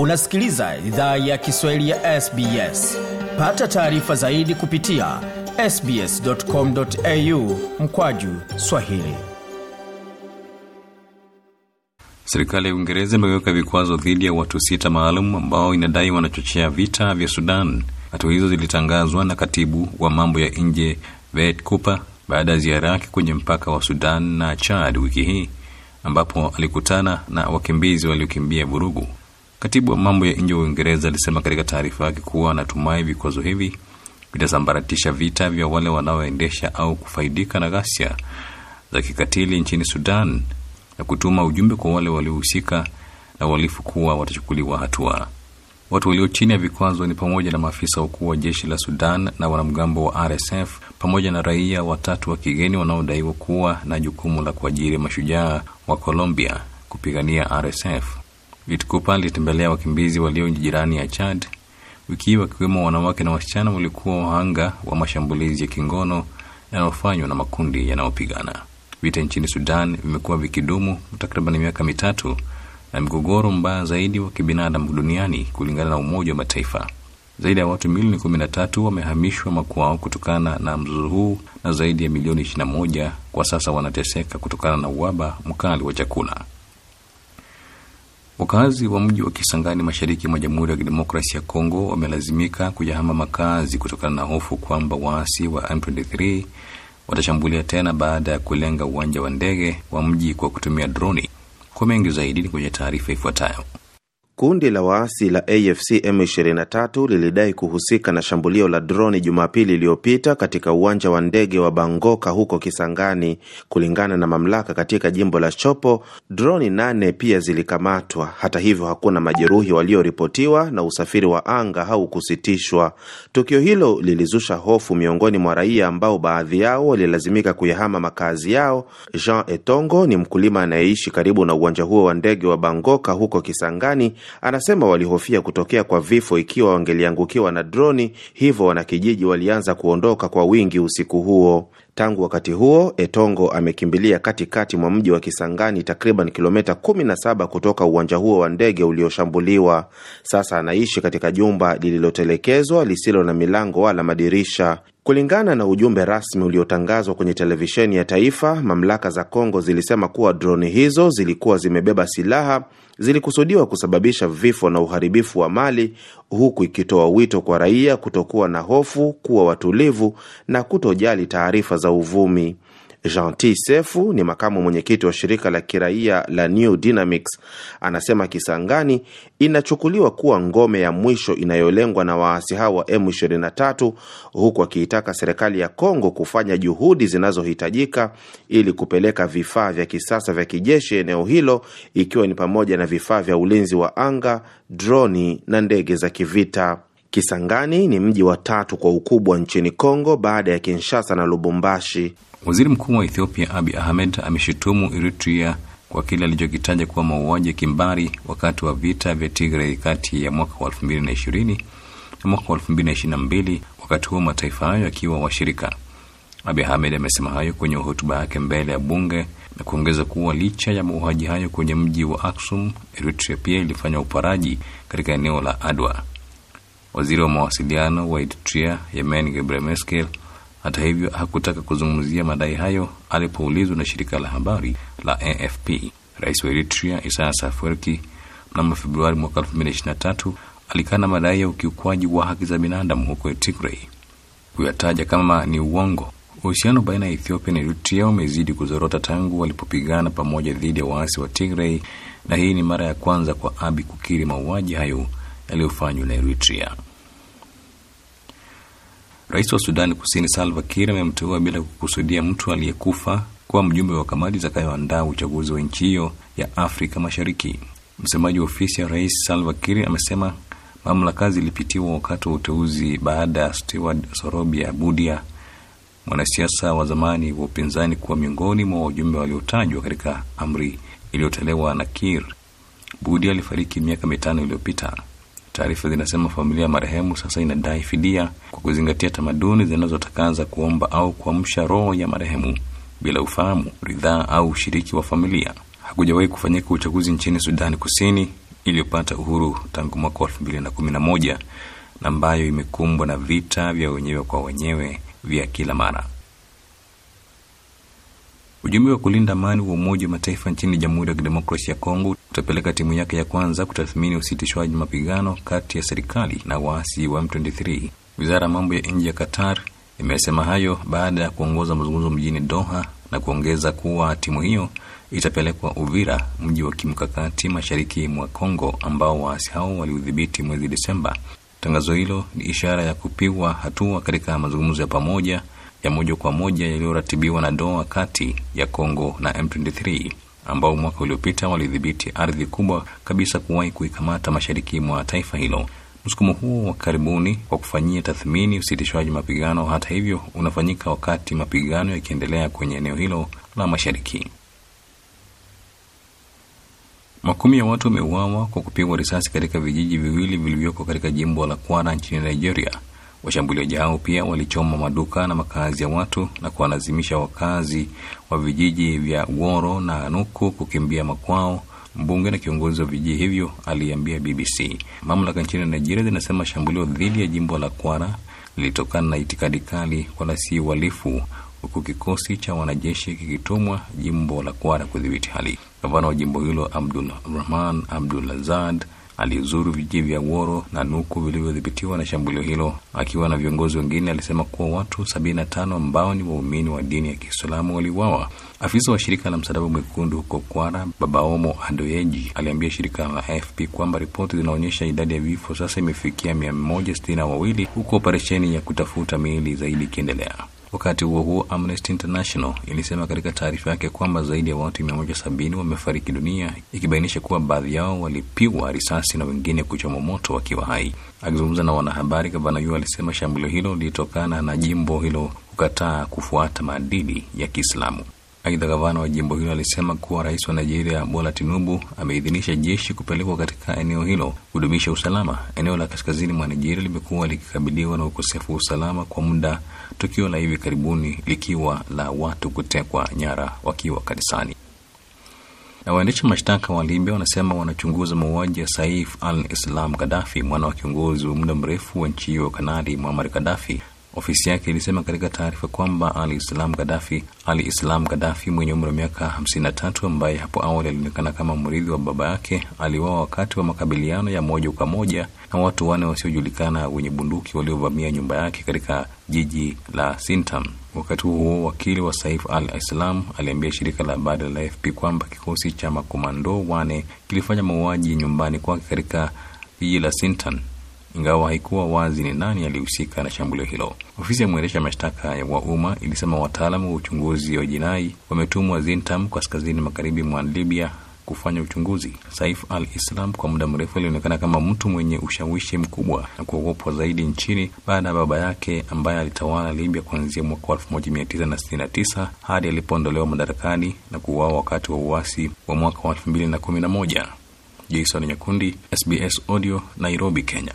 unasikiliza idhaa ya kiswahili ya sbs pata taarifa zaidi kupitia sbscomau mkwaju swahili serikali ya uingereza imeweka vikwazo dhidi ya watu sita maalum ambao inadai wanachochea vita vya sudan hatua hizo zilitangazwa na katibu wa mambo ya nje vet cooper baada ya ziara yake kwenye mpaka wa sudan na chad wiki hii ambapo alikutana na wakimbizi waliokimbia vurugu Katibu wa mambo ya nje wa Uingereza alisema katika taarifa yake kuwa anatumai vikwazo hivi vitasambaratisha vita vya wale wanaoendesha au kufaidika na ghasia za kikatili nchini Sudan na kutuma ujumbe kwa wale waliohusika na uhalifu kuwa watachukuliwa hatua. Watu walio chini ya vikwazo ni pamoja na maafisa wakuu wa jeshi la Sudan na wanamgambo wa RSF pamoja na raia watatu wa kigeni wanaodaiwa kuwa na jukumu la kuajiri mashujaa wa Colombia kupigania RSF. Gitkupa litembelea wakimbizi walio jirani ya Chad wiki wakiwemo wanawake na wasichana waliokuwa wahanga wa mashambulizi ya kingono yanayofanywa na makundi yanayopigana vita nchini Sudan vimekuwa vikidumu takriban miaka mitatu na migogoro mbaya zaidi wa kibinadamu duniani kulingana na Umoja wa Mataifa. Zaidi ya watu milioni kumi na tatu wamehamishwa makwao kutokana na mzozo huu na zaidi ya milioni ishirini na moja kwa sasa wanateseka kutokana na uhaba mkali wa chakula. Wakazi wa mji wa Kisangani mashariki mwa Jamhuri ya Kidemokrasi ya Kongo wamelazimika kuyahama makazi kutokana na hofu kwamba waasi wa M23 watashambulia tena baada ya kulenga uwanja wa ndege wa mji kwa kutumia droni. Kwa mengi zaidi ni kwenye taarifa ifuatayo. Kundi la waasi la AFC M23 lilidai kuhusika na shambulio la droni Jumapili iliyopita katika uwanja wa ndege wa Bangoka huko Kisangani. Kulingana na mamlaka katika jimbo la Chopo, droni nane pia zilikamatwa. Hata hivyo, hakuna majeruhi walioripotiwa na usafiri wa anga au kusitishwa Tukio hilo lilizusha hofu miongoni mwa raia ambao baadhi yao walilazimika kuyahama makazi yao. Jean Etongo ni mkulima anayeishi karibu na uwanja huo wa ndege wa Bangoka huko Kisangani Anasema walihofia kutokea kwa vifo ikiwa wangeliangukiwa na droni, hivyo wanakijiji walianza kuondoka kwa wingi usiku huo. Tangu wakati huo Etongo amekimbilia katikati mwa mji wa Kisangani, takriban kilomita 17 kutoka uwanja huo wa ndege ulioshambuliwa. Sasa anaishi katika jumba lililotelekezwa lisilo na milango wala madirisha. Kulingana na ujumbe rasmi uliotangazwa kwenye televisheni ya taifa, mamlaka za Kongo zilisema kuwa droni hizo zilikuwa zimebeba silaha zilikusudiwa kusababisha vifo na uharibifu wa mali huku ikitoa wito kwa raia kutokuwa na hofu, kuwa watulivu na kutojali taarifa za uvumi janti Sefu ni makamu mwenyekiti wa shirika la kiraia la New Dynamics, anasema Kisangani inachukuliwa kuwa ngome ya mwisho inayolengwa na waasi hao wa M23, huku akiitaka serikali ya Kongo kufanya juhudi zinazohitajika ili kupeleka vifaa vya kisasa vya kijeshi eneo hilo, ikiwa ni pamoja na vifaa vya ulinzi wa anga, droni na ndege za kivita. Kisangani ni mji wa tatu kwa ukubwa nchini Kongo baada ya Kinshasa na Lubumbashi. Waziri mkuu wa Ethiopia Abi Ahmed ameshutumu Eritrea kwa kile alichokitaja kuwa mauaji ya kimbari wakati wa vita vya tigrei kati ya mwaka wa 2020 na mwaka wa 2022, wakati huo mataifa hayo yakiwa washirika. Abi Ahmed amesema hayo kwenye hotuba yake mbele ya bunge na kuongeza kuwa licha ya mauaji hayo kwenye mji wa Aksum, Eritrea pia ilifanya uparaji katika eneo la Adwa. Waziri wa mawasiliano wa Eritrea Yemen Gebre Meskel, hata hivyo, hakutaka kuzungumzia madai hayo alipoulizwa na shirika la habari la AFP. Rais wa Eritrea Isaias Afwerki mnamo Februari mwaka 2023 alikana madai ya ukiukwaji wa haki za binadamu huko Tigray, kuyataja kama ni uongo. Uhusiano baina ya Ethiopia na Eritrea umezidi kuzorota tangu walipopigana pamoja dhidi ya waasi wa Tigray, na hii ni mara ya kwanza kwa abi kukiri mauaji hayo yaliyofanywa na Eritrea. Rais wa Sudani Kusini Salva Kiir amemteua bila kukusudia mtu aliyekufa kuwa mjumbe wa kamati zitakayoandaa uchaguzi wa nchi hiyo ya Afrika Mashariki. Msemaji wa ofisi ya rais Salva Kiir amesema mamlaka zilipitiwa wakati wa uteuzi baada ya Steward Sorobia budia mwanasiasa wa zamani wa upinzani, kuwa miongoni mwa wajumbe waliotajwa katika amri iliyotolewa na Kiir. Budia alifariki miaka mitano iliyopita. Taarifa zinasema familia ya marehemu sasa inadai fidia kwa kuzingatia tamaduni zinazotakaza kuomba au kuamsha roho ya marehemu bila ufahamu, ridhaa au ushiriki wa familia. Hakujawahi kufanyika uchaguzi nchini Sudani Kusini iliyopata uhuru tangu mwaka wa elfu mbili na kumi na moja na ambayo imekumbwa na vita vya wenyewe kwa wenyewe vya kila mara. Ujumbe wa kulinda amani wa Umoja wa Mataifa nchini Jamhuri ya kidemokrasi ya Kongo utapeleka timu yake ya kwanza kutathmini usitishwaji mapigano kati ya serikali na waasi wa M23. Wizara ya mambo ya nje ya Qatar imesema hayo baada ya kuongoza mazungumzo mjini Doha na kuongeza kuwa timu hiyo itapelekwa Uvira, mji wa kimkakati mashariki mwa Kongo ambao waasi hao waliudhibiti mwezi Desemba. Tangazo hilo ni ishara ya kupigwa hatua katika mazungumzo ya pamoja ya moja kwa moja yaliyoratibiwa na doa kati ya Kongo na M23 ambao mwaka uliopita walidhibiti ardhi kubwa kabisa kuwahi kuikamata mashariki mwa taifa hilo. Msukumo huo wa karibuni kwa kufanyia tathmini usitishwaji mapigano, hata hivyo, unafanyika wakati mapigano yakiendelea kwenye eneo hilo la mashariki. Makumi ya watu wameuawa kwa kupigwa risasi katika vijiji viwili vilivyoko katika jimbo la Kwara nchini Nigeria Washambuliaji hao pia walichoma maduka na makazi ya watu na kuwalazimisha wakazi wa vijiji vya Woro na Anuku kukimbia makwao. Mbunge na kiongozi wa vijiji hivyo aliambia BBC. Mamlaka nchini Nigeria zinasema shambulio dhidi ya jimbo la Kwara lilitokana na itikadi kali wala si uhalifu, huku kikosi cha wanajeshi kikitumwa jimbo la Kwara kudhibiti hali. Gavana wa jimbo hilo Abdul Rahman Abdul Azad aliuzuru vijiji vya Woro na Nuku vilivyodhibitiwa na shambulio hilo. Akiwa na viongozi wengine, alisema kuwa watu 75 ambao ni waumini wa dini ya Kiislamu waliuawa. Afisa wa shirika la Msalaba Mwekundu huko Kwara, Babaomo Andoyeji, aliambia shirika la AFP kwamba ripoti zinaonyesha idadi ya vifo sasa imefikia mia moja sitini na wawili huku operesheni ya kutafuta miili zaidi ikiendelea. Wakati huo huo, Amnesty International ilisema katika taarifa yake kwamba zaidi ya watu 170 wamefariki dunia, ikibainisha kuwa baadhi yao walipigwa risasi na wengine kuchomwa moto wakiwa hai. Akizungumza na wanahabari, gavana huyo alisema shambulio hilo lilitokana na jimbo hilo kukataa kufuata maadili ya Kiislamu. Aidha, gavana wa jimbo hilo alisema kuwa rais wa Nigeria Bola Tinubu ameidhinisha jeshi kupelekwa katika eneo hilo kudumisha usalama. Eneo la kaskazini mwa Nigeria limekuwa likikabiliwa na ukosefu wa usalama kwa muda, tukio la hivi karibuni likiwa la watu kutekwa nyara wakiwa kanisani. Na waendesha mashtaka wa Libya wanasema wanachunguza mauaji ya Saif al Islam Gaddafi, mwana wa kiongozi wa muda mrefu wa nchi hiyo Kanali Muammar Gaddafi Ofisi yake ilisema katika taarifa kwamba Ali Islam Gaddafi, Ali Islam Gaddafi mwenye umri wa miaka 53 ambaye hapo awali alionekana kama mrithi wa baba yake aliuawa wakati wa makabiliano ya moja kwa moja na watu wane wasiojulikana wenye bunduki waliovamia nyumba yake katika jiji la Sintam. Wakati huo wakili wa Saif al Islam aliambia shirika la habari la AFP kwamba kikosi cha makomando wane kilifanya mauaji nyumbani kwake katika jiji la Sintan ingawa haikuwa wazi ni nani alihusika na shambulio hilo. Ofisi ya mwendesha mashtaka wa umma ilisema wataalamu wa uchunguzi wa jinai wametumwa Zintam, kaskazini magharibi mwa Libya kufanya uchunguzi. Saif al Islam kwa muda mrefu alionekana kama mtu mwenye ushawishi mkubwa na kuogopwa zaidi nchini baada ya baba yake ambaye alitawala Libya kuanzia mwaka wa 1969 hadi alipoondolewa madarakani na kuuawa wakati wa uasi wa mwaka wa 2011. Jason Nyakundi, SBS Audio, Nairobi, Kenya